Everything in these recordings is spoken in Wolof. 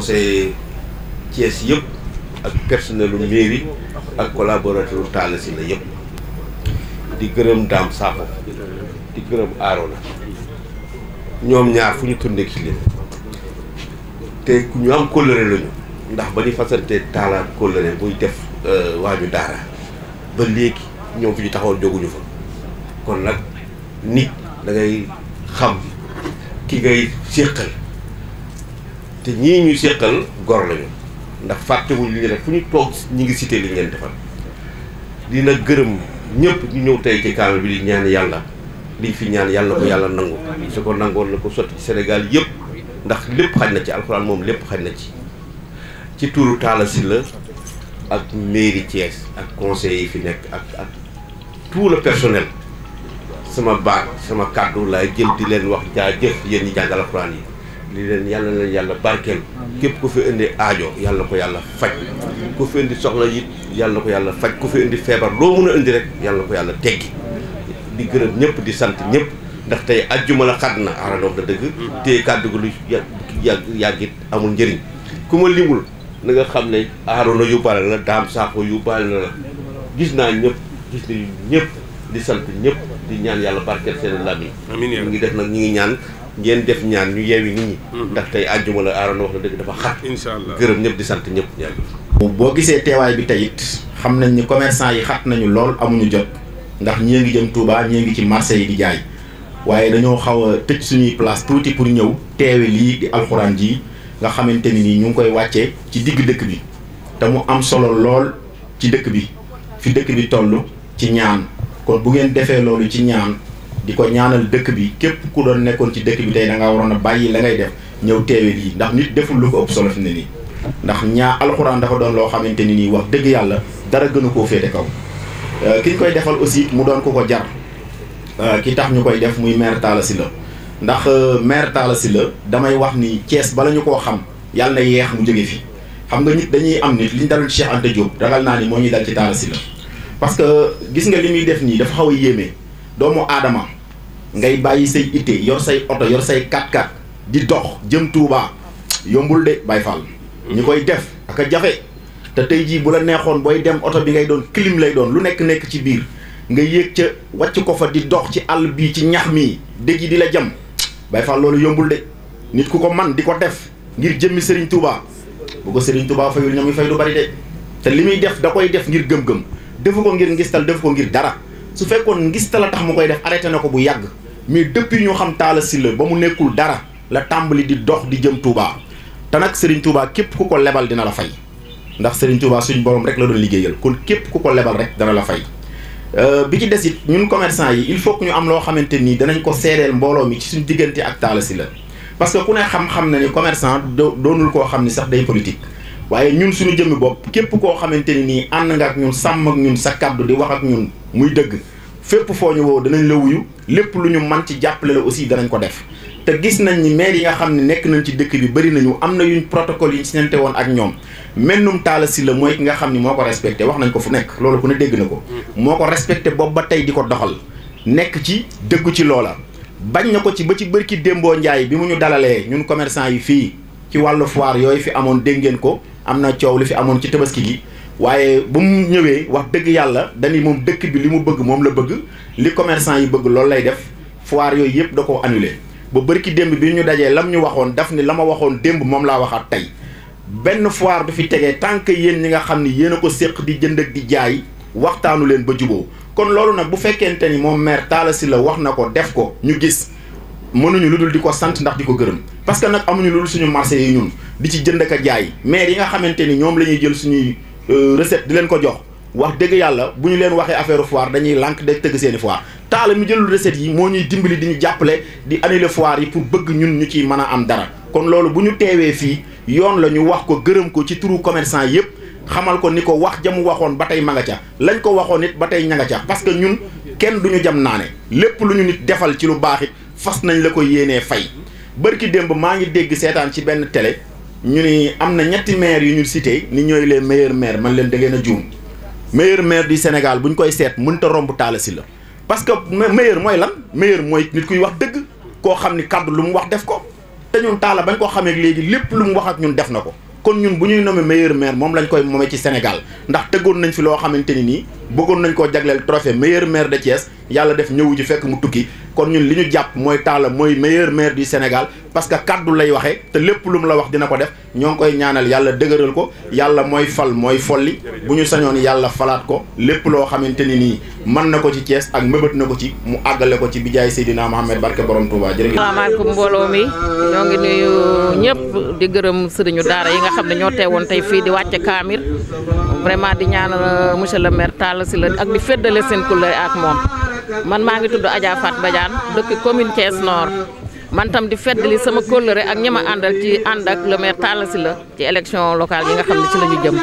conseiller Thiès yëpp ak personnelu mairie ak collaborateur Talla Sylla yëpp di gërëm Dame Sakho di gërëm Arona ñoom ñaar fu ñu tourné ci te ku ñu am kóllëre lañu ndax ba ñu fasante Talla kóllëre buy def euh, waañu daara ba léegi ñoom fi ñu taxawoon jóguñu fa kon nag nit da ngay xam ki ngay séqal te ñii ñuy seqal gor lañu ndax fàttewuñ li ñu def fu ñu toog ñu ngi cité li ñu leen defal di nag gërëm ñëpp ñu ñëw tey ci kaamil bi di ñaan yàlla liñ fi ñaan yàlla ko yàlla nangu su ko nangoon la ko sotti ci senegal yëpp ndax lépp xaj na ci alxuraan moom lépp xaj na ci ci turu Talla Sylla ak mairie cees ak conseil yi fi nekk ak ak tout le personnel sama baat sama kàddu laay jël di leen wax jaajëf yéen ñi jàngal alxuraan yi li leen yàlla leen yàlla barkeel képp ku fi indi aajo yàlla ko yàlla faj ku fi indi soxla it yàlla ko yàlla faj ku fi indi feebar loo mun a indi rek yàlla ko yàlla teggi di gërëm ñëpp di sant ñëpp ndax tey ajjuma la xat na ara dox da dëgg mm. te kàddu gi lu yàgg yàggit amul njëriñ ku ma limul na nga xam ne aaroona yóbbaale la daam saako yóbbaale na la gis naa ñëpp gis nañu ñëpp di sant ñëpp di ñaan yàlla barkeel seen lami amiin ngi def nag ñu ngi ñaan ngeen def ñaan ñu yeewi nit ñi. Mhm. ndax tey àjjuma la aaroon wax la dëgg dafa xat. incha allah gërëm ñëpp di sant ñëpp ñaan. boo gisee teewaay bi tey xam nañ ni commerçant yi xat nañu lool amuñu jot ndax ñii ngi jëm Touba ñii ngi ci marché yi di jaay waaye dañoo xaw a tëj suñuy place tuuti pour ñëw teewe lii di alxuraan ji nga xamante ni nii ñu ngi koy wàccee ci diggu dëkk bi te mu am solo lool ci dëkk bi fi dëkk bi toll ci ñaan kon bu ngeen defee loolu ci ñaan. di ko ñaanal dëkk bi képp ku doon nekkoon ci dëkk bi tey da waroon a bàyyi la ngay def ñëw teewe lii ndax nit deful lu ko ëpp solo fi ne nii ndax ñaa alxuraan dafa doon loo xamante ni nii dëgg yàlla dara gënu koo féete kaw euh, ki ñu koy defal aussi mu doon ko ko jar euh, ki tax ñu koy def muy maire Talla Sylla ndax euh, maire Talla Sylla damay wax ni Thiès bala ñu koo xam yàlla na yeex jóge fi xam nga nit dañuy am nit ñu dal Cheikh Anta Diop ragal naa ni moo ñu dal ci Talla Sylla parce que gis nga li muy def nii dafa xaw a yéeme doomu aadama ngay bàyyi say itte yor say oto yor say 4 x di dox jëm Touba yombul de Baye Fall ñi koy def ak a jafe te tey jii bu la neexoon booy dem oto bi ngay doon kilim lay doon lu nekk nekk ci biir nga yéeg ca wàcc ko fa di dox ci àll bii ci ñax mi dëgg yi di la jam Baye Fall loolu yombul de nit ku ko man di ko def ngir jëmmi Serigne Touba bu ko Serigne Touba fayul ñoom yi fay du bari de te li muy def da koy def ngir gëm-gëm defu ko ngir ngistal defu ko ngir dara. su fekkoon ngis ta la tax mu koy def arrêté na ko bu yàgg mais depuis ñu xam Talla Sylla ba mu nekkul dara la tàmbali di dox di jëm Touba te nag Serigne Touba képp ku ko lebal dina la fay ndax Serigne Touba suñ borom rek la doon liggéeyal kon képp ku ko lebal rek dana la fay. Euh, bi ci des it ñun commerçant yi il faut que ñu am loo xamante nii danañ ko seereel mbooloo mi ci suñ diggante ak Talla la parce que ku ne xam-xam na ni commerçant doonul koo xam ni sax day politique. waaye ñun suñu jëmmi bopp képp koo xamante ni nii ànd nga ak ñun sàmm ak ñun sa kàddu di wax ak ñun muy dëgg fépp foo ñu woo danañ la wuyu lépp lu ñu man ci jàppale la aussi danañ ko def te gis nañ ni maire yi nga xam ne nekk nañ ci dëkk bi bari nañu am na yuñ yi yuñ sinante woon ak ñoom mennum taala si la mooy ki nga xam ni moo ko respecté wax nañ ko fu nekk loolu ku ne dégg na ko mm. moo ko respecté boobu ba tey di ko doxal nekk ci dëggu ci loola bañ na ko ci ba ci bërki démboo njaay bi mu ñu dalalee ñun commerçant yi fii ci wàllu foire yooyu fi amoon dégg ngeen ko am na coow li fi amoon ci tabaski gi waaye bu mu ñëwee wax dëgg yàlla dañuy moom dëkk bi li mu bëgg moom la bëgg li commerçant yi bëgg loolu lay def foire yooyu yëpp da ko annulé ba bërki démb bi ñu dajee lam ñu waxoon daf ni la ma waxoon démb moom laa waxaat tey benn foire du fi tegee tant que yéen ñi nga xam ni yéen a ko séq di jënd ak di jaay waxtaanu leen ba juboo kon loolu nag bu fekkente ni moom maire Talla Sylla la wax na ko def ko ñu gis mënuñu lu dul di ko sant ndax di ko gërëm parce que nag amuñu lu dul suñu marché yi ñun di ci jënd ak jaay mais yi nga xamante ni ñoom la ñuy jël suñuy euh, recette di leen ko jox wax dëgg yàlla bu ñu leen waxee affaire foire dañuy lànk de tëgg seeni foire taala mi jëlul recette yi moo ñuy dimbali di ñu jàppale di annuler foire yi pour bëgg ñun ñu ciy mën a am dara kon loolu bu ñu teewee fii yoon la ñu wax ko gërëm ko ci turu commerçant yëpp xamal ko ni ko wax jamu waxoon ba tey ma nga ca lañ ko waxoon it ba tey ña nga ca parce que ñun kenn du ñu jam naane lépp lu ñu defal ci lu baax it fas nañ la ko yéenee fay bërki démb maa ngi dégg seetaan ci benn tele ñu ni am na ñetti maire yu ñu sitee ni ñooy les meilleurs maire man leen da ngeen a juum maire du Sénégal bu ñu koy seet mënta romb Talla la parce que meilleur mooy lan meilleur mooy nit kuy wax dëgg koo xam ni kàddu lu mu wax def ko te ñun Talla bañ ko xamee léegi lépp lu mu wax ak ñun def na ko kon ñun bu ñuy nommé meilleur maire moom lañ koy moomee ci Sénégal ndax tëggoon nañ fi loo xamante ni nii bëggoon nañ koo jagleel trophée meilleur maire de Thiès yàlla def ñëwu ji fekk mu tukki kon ñun li ñu jàpp mooy Talla mooy meilleur maire du Sénégal parce que kaddu lay waxee te lépp lu mu la wax dina ko def ñoo ngi koy ñaanal yàlla dëgëral ko yàlla mooy fal mooy folli bu ñu sañoon yàlla falaat ko lépp loo xamante ni nii mën na ko ci cees ak mëbët na ko ci mu àggale ko ci bijaay Seydina Mohamed barke borom Touba jërëjëf. salaamaaleykum mbooloo mi ñoo ngi di gërëm sëriñu daara yi nga xam ne ñoo teewoon tey fii di wàcce Kaamir vraiment di ñaanal euh, monsieur le maire si Sylla ak di feddale seen couleur ak moom man maa ngi tudd Adja Fat Badiane dëkk commune Thiès Nord man tam di feddali sama kóllëre ak ñi ma àndal ci ànd ak le maire Talla Sylla ci élection locale yi nga xam ne ci la ñu jëm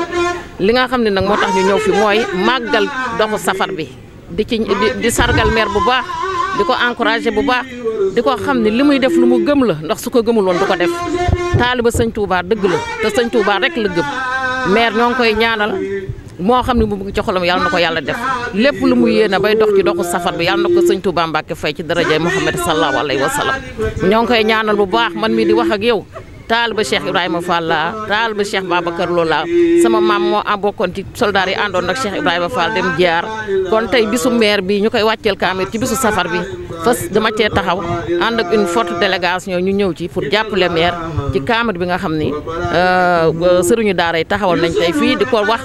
li nga xam ne nag moo tax ñu ñëw fi mooy màggal doxu safar bi di ci di sargal maire bu baax di ko encouragé bu baax di ko xam ne li muy def lu mu gëm la ndax su ko gëmul woon du ko def taaliba sëñ Touba dëgg la te sëñ Touba rek la gëm ñoo koy ñaanal. moo xam ne mu bëgg ci xolam yàlla na ko yàlla def lépp lu mu yéena bay dox ci doxu safar bi yàlla na ko sëñ Touba fay ci darajay Muhammad sallallahu alayhi wa sallam ñoo ngi koy ñaanal bu baax man mii di wax ak yow taaliba Cheikh Ibrahima Fall laa taaliba Cheikh Babacar Lo laa sama maam moo a bokkoon ci soldaar yi àndoon ak Cheikh Ibrahima Fall dem jaar kon tey bisu maire bi ñu koy wàcceel kaamil ci bisu safar bi fas dama cee taxaw ànd ak une forte délégation ñu ñëw ci pour jàppale maire ci kaamil bi nga xam ni euh, sëriñu daara yi taxawal nañ tey fii di ko wax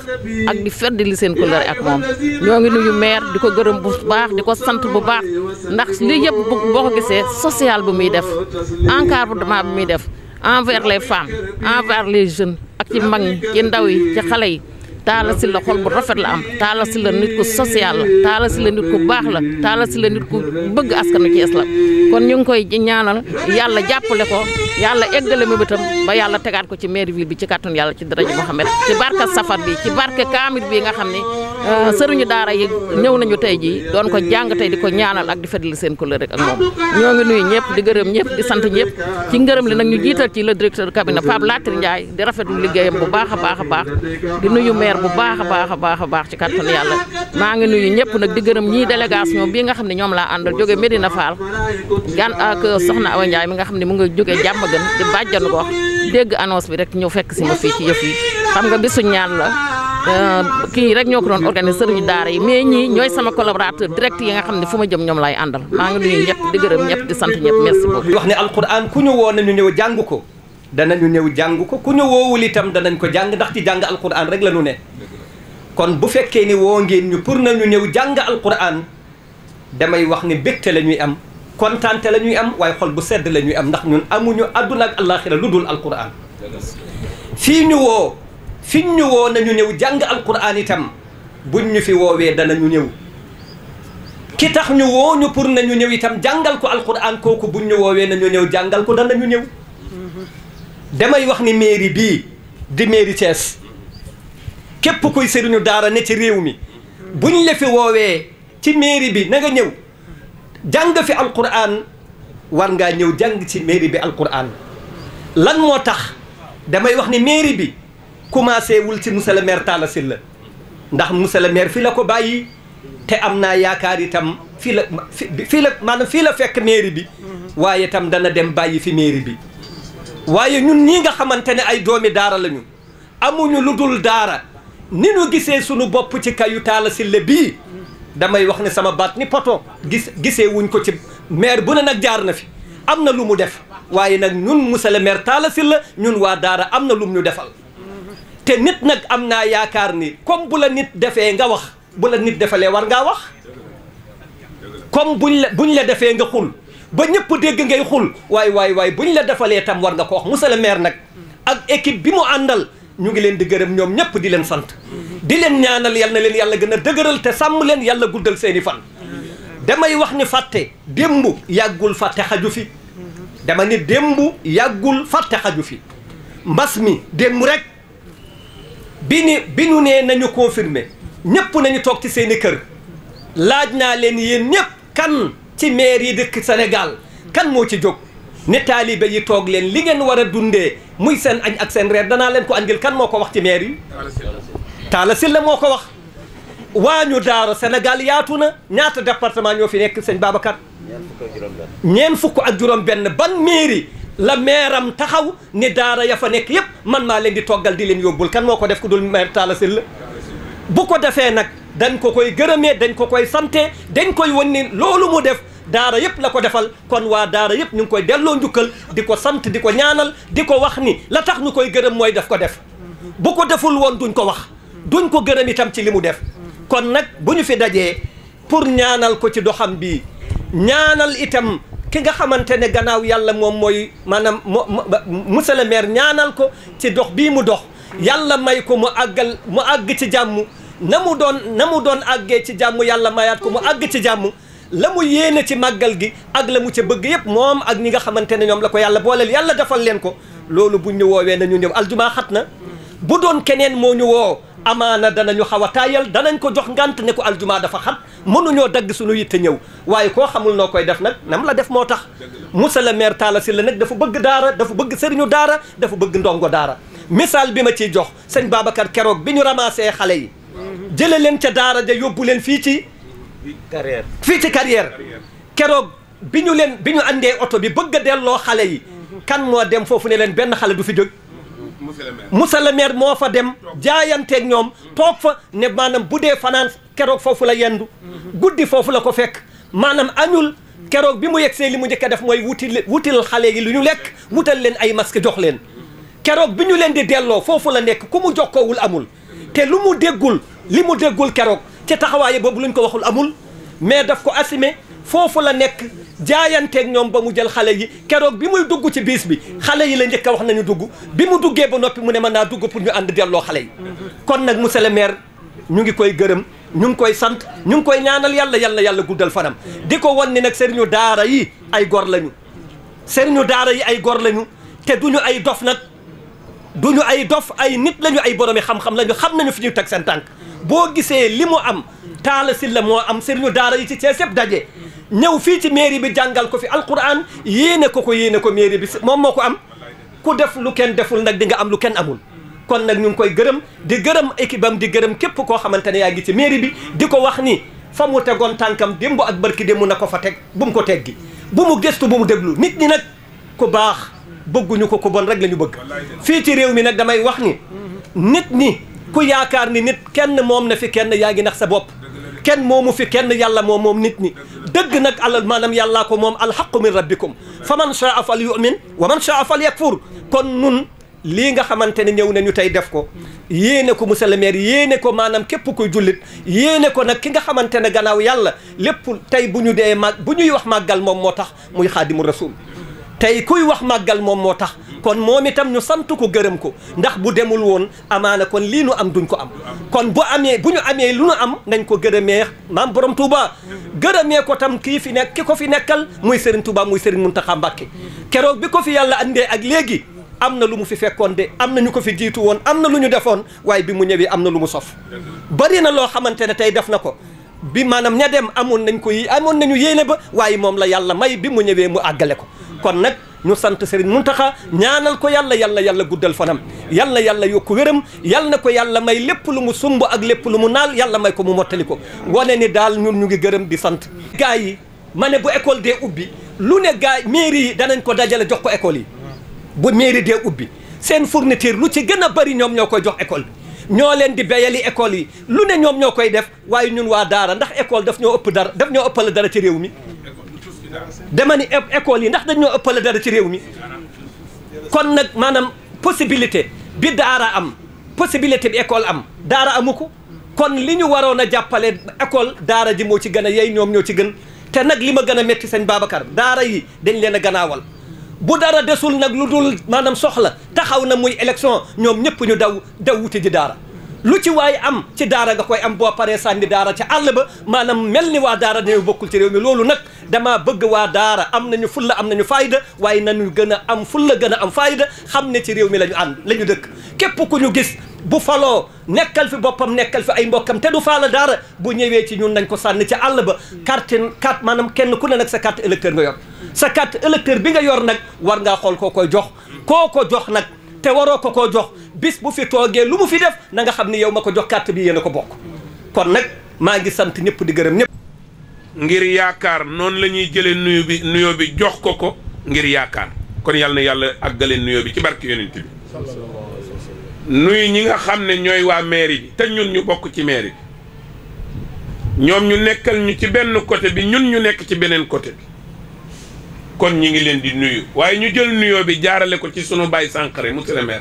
ak di feddi li seen couleur ak moom ñoo ngi nuyu maire di ko gërëm bu baax di ko sant bu baax ndax lii yëpp boo ko gisee social bu muy def encadrement bi muy def envers les femmes envers les jeunes ak ci mag ñi ci ndaw yi ci xale yi Talla Sylla xol bu rafet la am Talla Sylla nit ku social la Talla Sylla nit ku baax la Talla la nit ku bëgg askanu Cees la kon ñu ngi koy ñaanal yàlla jàppale ko yàlla eggale ma tam ba yàlla tegaat ko ci mairie ville bi ci kàttanu yàlla ci daraja Muhammad ci barka safar bi ci barke kaamil bi nga xam ne Euh, sëriñu daara yi ñëw nañu tey jii doon ko jàng tey di ko ñaanal ak di fëdli seen couleur rek ak moom ñoo ngi nuyu ñëpp di gërëm ñëpp di sant ñëpp ci ngërëm li nag ñu jiital ci le directeur de cabinet Pape Latir di rafetlu liggéeyam bu baax a baax a baax di nuyu meer bu baax a baax a baax a baax ci kàttanu yàlla maa ngi nuyu ñëpp nag di gërëm ñii délégation bii nga xam ne ñoom laa àndal jóge Medina Fall gan ak soxna Awa njaay mi nga xam ne mu nga jóge jàmm gën di bàjjanu gox dégg annonce bi rek ñëw fekk si ma fii ci yëf yi xam nga bisu ñaan la Euh, kii rek ñoo ko doon organiser sëriñu daara yi mais ñii ñooy sama collaborateur direct yi nga xam ne fu ma jëm ñoom lay àndal maa ngi nuyu ñëpp di gërëm ñëpp di sant ñëpp merci beaucoup. wax ne alquran ku ñu woo nañu ñëw jàng ko danañu ñëw jàng ko ku ñu woowul itam danañ ko jàng ndax ci jàng alquran rek la ñu ne kon bu fekkee ni woo ngeen ñu pour nañu ñëw jàng alquran damay wax ni bégte la ñuy am kontaante la ñuy am waaye xol bu sedd la ñuy am ndax ñun amuñu àdduna ak lu dul alquran fii ñu fi ñu woo nañu ñëw jàng alquran itam buñ ñu fi woowee danañu ñëw ki tax ñu woo ñu pour nañu ñëw itam jàngal ko alquran kooku buñ ñu woowee ñëw jàngal ko danañu ñëw damay wax ni mairie bii di mairie Thiès képp koy sëriñu daara ne ci réew mi buñ la fi woowee ci mairie bi na nga ñëw jàng fi alquran war ngaa ñëw jàng ci mairie bi alquran lan moo tax damay wax ni mairie bi commencé wul ci monsieur le maire Talla Sylla ndax monsieur le maire fii la ko bàyyi te am naa yaakaar itam fii la fii la fii la fekk mairie bi waaye itam dana dem bàyyi fi mairie bi waaye ñun ñii nga xamante ne ay doomi daara lañu amuñu lu dul daara ni ñu gisee sunu bopp ci kayu Talla Sylla bii damay wax ne sama baat ni poto gis gisee wuñ ko ci maire bu ne nag jaar na fi am na lu mu def waaye nag ñun monsieur le maire Talla Sylla ñun waa daara am na lu ñu defal te nit nag am naa yaakaar ni comme bu la nit defee nga wax bu la nit defalee war ngaa wax comme buñ la buñ la defee nga xul ba ñëpp dégg ngay xul waay waay waay buñ la defalee tam war nga ko wax monsieur le maire nag ak équipe bi mu àndal ñu ngi leen di gërëm ñoom ñëpp di leen sant di leen ñaanal yal na leen yàlla gën a dëgëral te sàmm leen yàlla guddal seeni fan damay wax ni fàtte démb yàggul fàtte xaju fi dama ni démb yàggul fàtte xaju fi mbas mi démb rek bi ni bi nu nee nañu confirmer ñëpp nañu toog ci seeni kër laaj naa leen yéen ñëpp kan ci maire yi dëkk Sénégal kan moo ci jóg ne taalibe yi toog leen li ngeen war a dundee muy seen añ ak seen reer danaa leen ko andil kan moo ko wax ci maire yi Talla Sylla moo ko wax waañu ñu daara Sénégal yaatu na ñaata département ñoo fi nekk sëñ Babacar ñeent fukk ak juróom benn ban mairie la meeram taxaw ne daara ya fa nekk yépp man maa leen di toggal di leen yóbbul kan moo ko def ku dul maire Talla Sylla la bu ko defee nag dañ ko koy gërëmee dañ ko koy sante dañ koy wan ne loolu mu def daara yëpp la ko defal kon waa daara yëpp ñu ngi koy delloo njukkal di ko sant di ko ñaanal di ko wax ni la tax ñu koy gërëm mooy daf ko def bu ko deful woon duñ ko wax duñ ko gërëm itam ci li mu def kon nag bu ñu fi dajee pour ñaanal ko ci doxam bi ñaanal itam ki nga xamante ne gannaaw yàlla moom mooy maanaam monsieur le maire ñaanal ko ci dox bii mu dox yàlla may ko mu àggal mu àgg ci jàmm na mu doon na mu doon àggee ci jàmm yàlla mayaat ko mu àgg ci jàmm la mu yéene ci màggal gi ak la mu ca bëgg yëpp moom ak ñi nga xamante ne ñoom la ko yàlla booleel yàlla defal leen ko loolu buñ ñu woowee nañu ñëw aljumaa xat na bu doon keneen moo ñu woo amaana danañu xaw a taayal danañ ko jox ngant ne ko aljumaa dafa xat mënuñoo dagg suñu yitte ñëw waaye koo xamul noo koy def nag nam la def moo tax monsieur le maire Talla Sylla nag dafa bëgg daara dafa bëgg sëriñu daara dafa bëgg ndongo daara misaal bi ma ciy jox sëñ Babacar keroog bi ñu ramassé xale yi jële leen ca daara ja yóbbu leen fii ci carrière fii ci keroog bi ñu leen bi ñu àndee oto bi bëgg a delloo xale yi kan moo dem foofu ne leen benn xale du fi jóg monsieur le maire moo fa dem jaayanteeg ñoom toog fa ne maanaam bu dee fanaan keroog foofu la yendu guddi foofu la ko fekk maanaam añul keroog bi mu yegsee li mu njëkk a def mooy wutil wutil xale yi lu ñu lekk wutal leen ay masque jox leen keroog bi ñu leen di delloo foofu la nekk ku mu jokkoowul amul te lu mu déggul li mu déggul keroog ci taxawaaye boobu luñ ko waxul amul mais daf ko assumé foofu la nekk jaayanteeg ñoom ba mu jël xale yi keroog bi muy dugg ci biis bi xale yi la njëkk a wax nañu dugg bi mu duggee ba noppi mu ne mën naa dugg pour ñu ànd delloo xale yi kon nag monsieur le maire ñu ngi koy gërëm ñu ngi koy sant ñu ngi koy ñaanal yàlla yàlla yàlla guddal fanam di ko wan ni nag sëriñu daara yi ay gor lañu sëriñu daara yi ay gor lañu te duñu ay dof nag duñu ay dof ay nit lañu ay boromi xam-xam lañu xam nañu fi ñuy teg seen tànk boo gisee li mu am taala si la moo am sëriñu daara yi ci Cees yëpp ñëw fii ci mairie bi jàngal ko fi alquran yéene ko ko yéene ko mairie bi moom moo ko am ku def lu kenn deful nag di nga am lu kenn amul kon nag ñu ngi koy gërëm di gërëm équipe am di gërëm képp koo xamante ne yaa ngi ci bi di ko wax ni fa mu tegoon tànkam démb ak barki démb na ko fa teg bumu mu ko teggi bu mu gëstu bu déglu nit ñi nag ko baax bëgguñu ko ko bon rek la ñu bëgg fii ci réew mi nag damay wax ni nit ñi ku yaakaar ni nit kenn moom na fi kenn yaa nax sa bopp kenn moomu fi kenn yàlla moom moom nit ñi dëgg nag alal maanaam yàllaa ko moom alxaqu min rabbikum fa man shaa fal yu'min wa man shaa fal yakfur kon nun lii nga xamante ne ñëw nañu tey def ko yéene ko monsieur le maire yéene ko maanaam képp kuy jullit yéene ko nag ki nga xamante ne gannaaw yàlla lépp tey bu ñu dee màgg bu ñuy wax màggal moom moo tax muy xaadimu rasul tey kuy wax màggal moom moo tax kon moom itam ñu sant ko gërëm ko ndax bu demul woon amaana kon liinu am duñ ko am kon bu amee lu am nañ ko gërëmee maam borom gërëmee ko tam kii fi nekk ki ko fi nekkal muy Serigne Touba muy Serigne Mountakha Mbacké keroog bi ko fi yàlla andee ak léegi am na lu mu fi fekkoon de am na ñu ko fi jiitu woon am na lu ñu defoon waaye bi mu ñëwee am na lu mu sof bari na loo xamante ne tey def na ko bi maanaam ña dem amoon nañ ko yi amoon nañu yéene ba waaye moom la yàlla may bi mu ñëwee mu àggale ko kon nag ñu sant Serigne Mountakha ñaanal ko yàlla yàlla yàlla guddal fanam yàlla yàlla yokku wéram yàlla na ko yàlla may lépp lu mu sumb ak lépp lu mu naal yàlla may ko mu mottali ko wane ni daal ñun ñu ngi gërëm di sant gars yi ma ne bu école dee ubbi lu ne gars mairie yi danañ ko dajale jox ko école yi bu mairie dee ubbi seen fourniture lu ci gën a bari ñoom ñoo koy jox école bi ñoo leen di béyali école yi lu ne ñoom ñoo koy def waaye ñun waa daara ndax école daf ñoo ëpp dara daf ñoo ëppal dara ci réew mi dama ni école yi ndax dañoo ëppale dara ci réew mi kon nag maanaam possibilité bi daara am possibilité bi école am daara amu ko kon li ñu waroon a jàppale école daara ji moo ci gën a yey ñoom ñoo ci gën te nag li ma gën a métti sëñ Babacar daara yi dañ leen a ganaawal bu dara desul nag lu dul maanaam soxla taxaw na muy élection ñoom ñëpp ñu daw daw wuti ji daara lu ci waay am ci daara nga koy am boo paree sànni daara ca àll ba maanaam mel ni waa daara dañoo bokkul ci réew mi loolu nag damaa bëgg waa daara am nañu fulla am nañu fayda waaye nañu gën a am fulla gën a am fayda xam ne ci réew mi la ñu ànd la ñu dëkk képp ku ñu gis bu faloo nekkal fi boppam nekkal fi ay mbokkam te du faala daara bu ñëwee ci ñun nañ ko sànni ci àll ba carte carte maanaam kenn ku ne nag sa carte électeur nga yor sa carte électeur bi nga yor nag war ngaa xool koo koy jox koo ko jox nag te waroo ko koo jox bis bu fi toogee lu mu fi def na nga xam ni yow ma ko jox carte bi yéen ko bokk kon nag maa ngi sant ñëpp di gërëm ñëpp. ngir yaakaar noonu la ñuy jëlee nuyu bi nuyoo bi jox ko ko ngir yaakaar kon yàlla na yàlla ak gële nuyoo bi ci barke yonent bi nuyu ñi nga xam ne ñooy waa mairie bi te ñun ñu bokk ci mairie bi ñoom ñu nekkal ñu ci benn côté bi ñun ñu nekk ci beneen côté bi kon ñi ngi leen di nuyu waaye ñu jël nuyoo bi jaarale ko ci sunu baay Sankhare monsieur le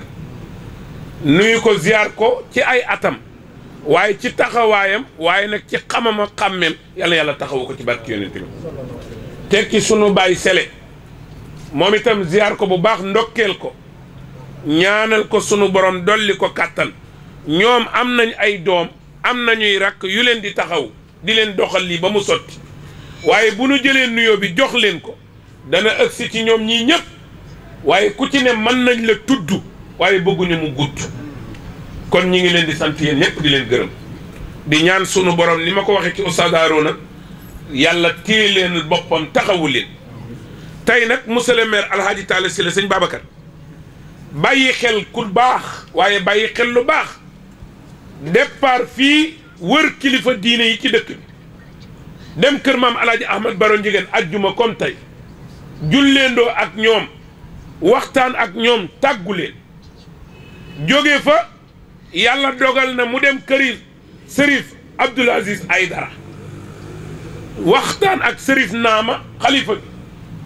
nuyu ko ziar ko ci ay atam waaye ci taxawaayam waaye nag ci xamama xàmmeem yàlla yàlla taxawu ko ci barki yonent bi teg ci sunu baay sele moom itam ziar ko bu baax ndokkeel ko ñaanal ko sunu borom dolli ko kàttan ñoom am nañ ay doom am nañuy rakk yu leen di taxaw di leen doxal lii ba mu sotti waaye bu nu jëlee nuyoo bi jox leen ko dana agsi ci ñoom ñii ñëpp waaye ku ci ne mën nañ la tudd waaye bëgguñu mu gudd kon ñi ngi leen di sant yéen ñëpp di leen gërëm di ñaan sunu borom li ma ko waxee ci Oustaz Arouna yàlla téye leen boppam taxawu leen tey nag monsieur le maire alhaaji Talla Sylla sëñ Babacar bàyyi xel ku baax waaye bàyyi xel lu baax départ fii wër kilifa diine yi ci dëkk bi dem kër maam alhaaji Ahmad Baro Njigéen ajjuma comme tey julleendoo ak ñoom waxtaan ak ñoom tàggu leen jóge fa yàlla dogal na mu dem këri sërif Abdoul ay dara waxtaan ak sërif naama xalifa bi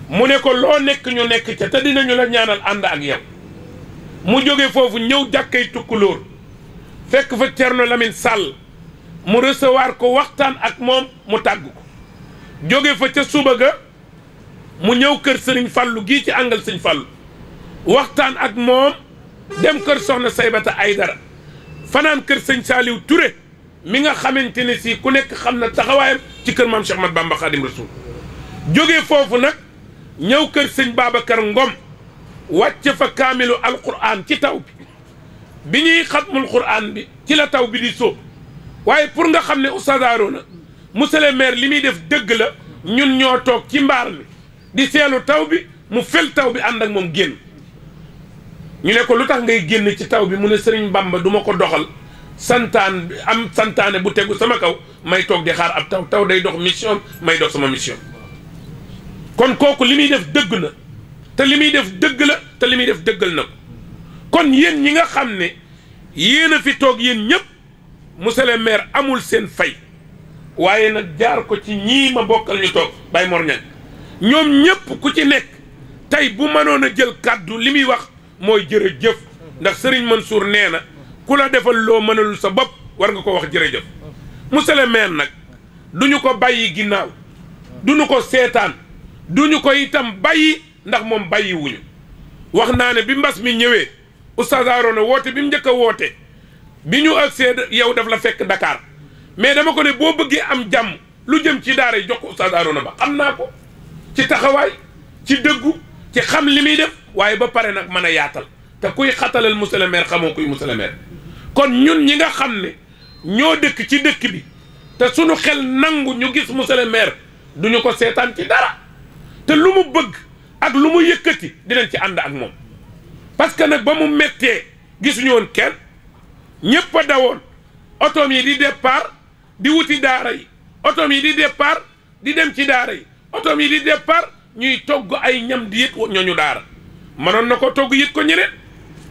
mu ne ko loo nekk ñu nekk ca te dinañu la ñaanal ànd ak yow mu jóge foofu ñëw jàkkay tukkulóor fekk fa Thierno Lamine sàll mu recevoir ko waxtaan ak moom mu tàgg ko jóge fa ca suba ga mu ñëw kër sëriñ fàllu gi ci àngal sëñ fàllu waxtaan ak moom dem kër soxna saybata aydara fanaan kër sëñ saaliw ture mi nga xamante ne si ku nekk xam na taxawaayam ci kër maam Cheikh Mat Bamba Xaadim Rasuul foofu nag ñëw kër sëñ Babacar Ngom wàcc fa kaamilu alquran ci taw bi bi ñuy xatmul quran bi ci la taw bi di sóob waaye pour nga xam ne Oustaz Arouna monsieur le li muy def dëgg la ñun ñoo toog ci mbaar mi di seelu taw bi mu fel taw bi ànd ak moom génn ñu ne lu tax ngay génn ci taw bi mu ne sëriñ Bamba duma ko doxal santaan am santaane bu tegu sama kaw may toog di xaar ab taw taw day dox mission may dox sama mission kon kooku li muy def dëgg na te li muy def dëgg la te li muy def dëggal na ko kon yéen ñi nga xam ne yéen a fi toog yéen ñëpp monsieur le amul seen fay waaye nag jaar ko ci ñii ma bokkal ñu toog Baye Mor ñoom ñëpp ku ci nekk tey bu mënoon a jël kàddu li muy wax mooy jërëjëf ndax mën suur nee na ku la defal loo mënalul sa bopp war nga ko wax jërëjëf monsieur le maire nag duñu ko bàyyi ginnaaw duñu ko seetaan duñu ko itam bàyyi ndax moom bàyyi wax naa ne bi mbas mi ñëwee oustaz Arona woote bi mu njëkk a woote bi ñu agsee yow daf la fekk Dakar mais dama ko ne boo bëggee am jàmm lu jëm ci daara jox ko oustaz Arona ba xam naa ko ci taxawaay ci dëggu ci xam li muy def waaye ba pare nag mën a yaatal te kuy xatalal monsieur le xamoo kuy monsieur le maire kon ñun ñi nga xam ne ñoo dëkk ci dëkk bi te sunu xel nangu ñu gis monsieur le duñu ko seetaan ci dara te lu mu bëgg ak lu mu yëkkati dinañ ci ànd ak moom parce que nag ba mu méttee gisuñu woon kenn ñëpp a dawoon otoom yi di départ di wuti daara yi otoom yi di départ di dem ci daara yi otom yi di départ ñuy togg ay ñam di yët ñooñu daara mënoon na ko togg yët ko ñeneen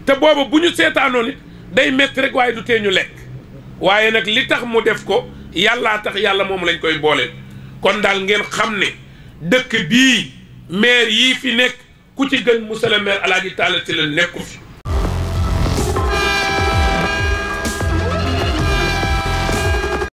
te booba bu ñu seetaanoon it day métti rek waaye du tee ñu lekk waaye nag li tax mu def ko yàllaa tax yàlla moom lañ koy booleel kon daal ngeen xam ne dëkk bii maire yii fi nekk ku ci gën monsieur le maire Alaaji tàllal Sylla la nekku fi